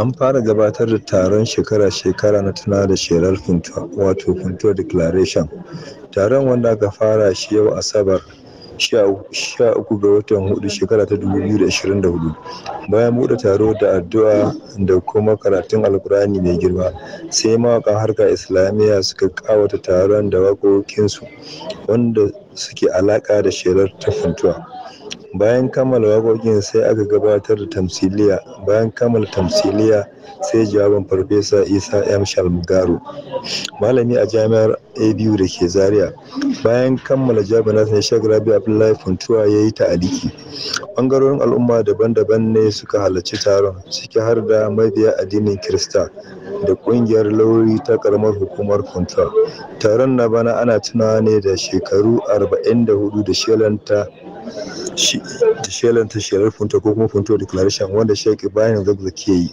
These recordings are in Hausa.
an fara gabatar da taron shekara-shekara na tuna da shirar wato funtua declaration taron wanda aka fara shi yau asabar sha uku ga watan hudu shekara ta 2024 bayan buɗe taro da addu'a da kuma karatun alkurani mai girma sai mawakan harkar islamiyya suka kawata taron da waƙoƙinsu wanda suke alaƙa da shirar tafuntuwa bayan kammala waƙoƙin sai aka gabatar da tamsiliya bayan kammala tamsiliya sai jawabin farfesa isa m shalmugaro malami a jami'ar abu da ke zaria bayan kammala jami'ar nasa ne shek rabi abdullahi funtuwa ya yi ta'aliki ɓangarorin al'umma daban-daban ne suka halarci taron ciki har da mabiya addinin kirista da ƙungiyar lauri ta ƙaramar hukumar funtuwa taron na bana ana tunawa ne da shekaru saba'in da hudu da shelanta da shelanta shelar ko kuma funto declaration wanda shaki ibrahim zagzaki yi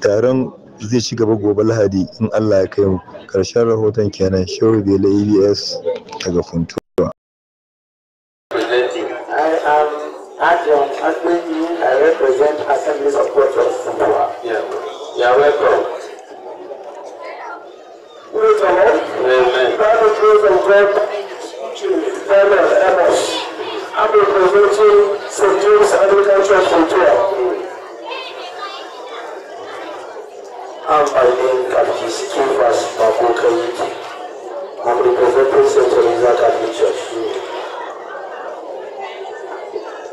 taron zai ci gaba gobe lahadi in allah ya kai mu karshen rahoton kenan shehu bela abs daga funto Valley of Amos. I'm representing St. James Agricultural Culture. I'm by name Captain Kifas Mabuka I'm representing St. Teresa Catholic Church.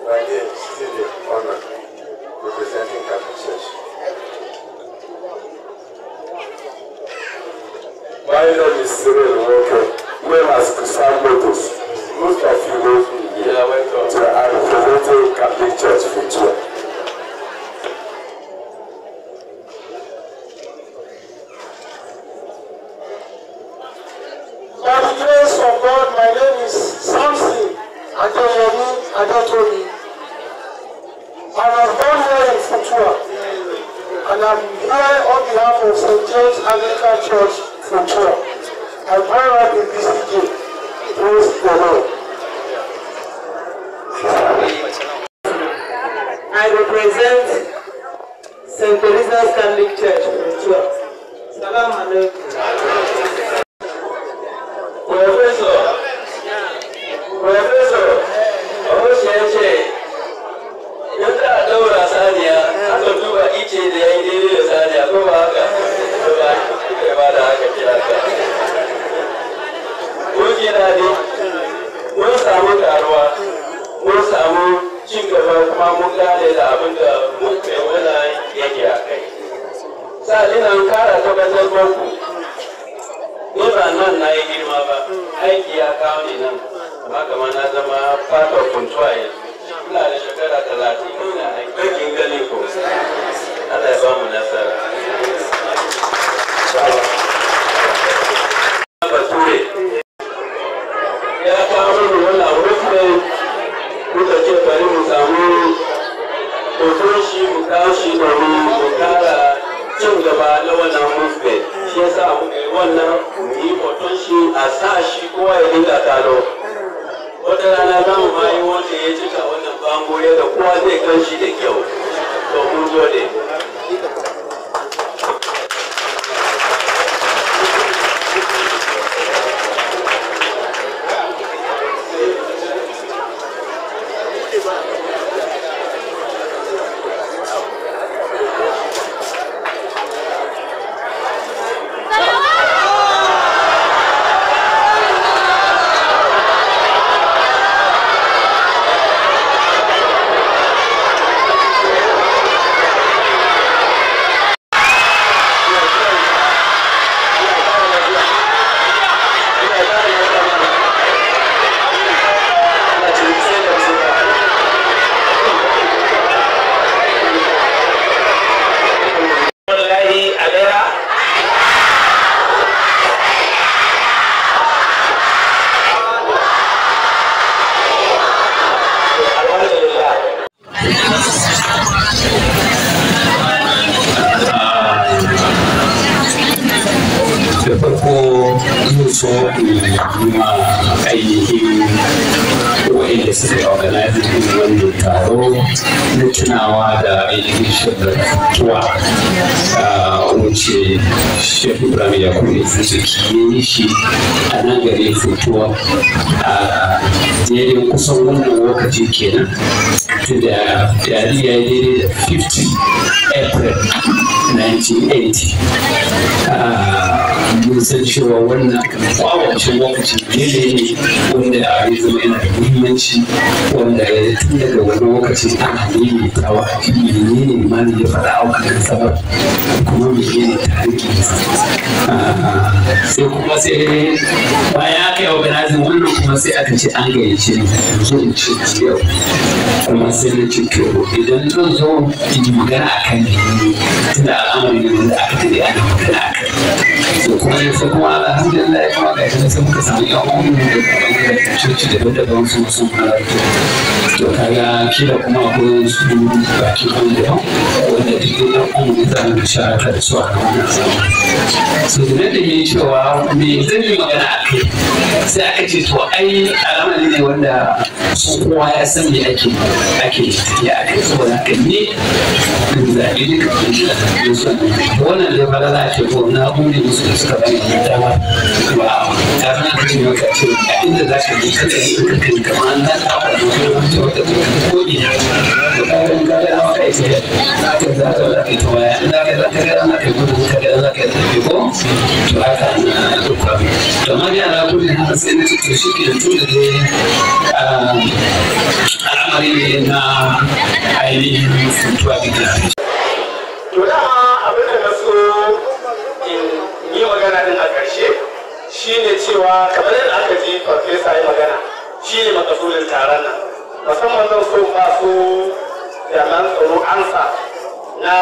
My name is Steve Honor, representing Catholic Church. My name is Cyril Walker, known as Kusan Motors. most of you know me here. Yeah, welcome. So I Catholic Church for two. By the grace of God, my name is Samson Adeyemi Adetomi. I was born here in Futua. And I'm here on behalf of St. James Church, Futua. I grew up in BCJ. I represent St. Teresa's Catholic Church, Salam alaikum. dace da abin da mai wula yake a kai an kara tabbatar boko ba nan na yi girma ba aiki ya kawo nan amma na zama fata kuntuwa yanzu ina da shekara talatin ina aikin gani ko Allah ya ba mu nasara ya kawo wannan wurin kuka ce bari mu samu hoton shi mu kawo shi domin mu kara cin gaba na wannan movement shi yasa muka wannan mu yi hoton shi a sa shi kowa ya dinga talo wata rana za mu bayi wanda ya cika wannan bango yadda kowa zai kan shi da kyau to mun gode sọ ènìyàn máa ẹ̀yìn wa'inda suka organize din wannan taro na tunawa da ainihin shirin tuwa wuce ah, shekhu ibrahim yakubu izuziki ya yi shi a nan gare fituwa a ah, daidai kusan wannan lokaci kenan da yari ya yi daidai da 50 april 1980 ah, mun san cewa wannan kwawancin lokacin daidai ne wanda a yi zama yana da muhimmanci muhimmanci wanda ya tun daga wani lokacin an hanyoyi ta wa addini ne ne mali ya faɗa aukakan sabar kuma mai yi ne ta tarihi sai kuma sai baya aka yi organizing wannan kuma sai aka ce an gayyace ni yanzu in ce yau kuma sai na ce to idan zan zo in yi magana a kan ne tunda al'amari ne wanda aka daɗe ana magana a kan kuma sai kuma ƙarshen sai muka samu ɗan uwan da da su sun halarta kuma akwai su bakin ɓangaren wanda duk ɗan uwan za su a nan da me zan yi magana a sai aka ce to ai ne wanda ya san me ake ake tafiya a kai saboda haka ne in zaɓi a wannan zai ko na musu da suka bani dama ka san a cikin maka ka kama an ta kafa da wani wata wata ko za ka ta waya in za ka kai ko na cikin tun na ainihin mutuwa gidan cewa kamar yadda aka ji farfesa ya magana shi ne makasudin taron nan musamman zan so ba su jami'an tsaro ansa na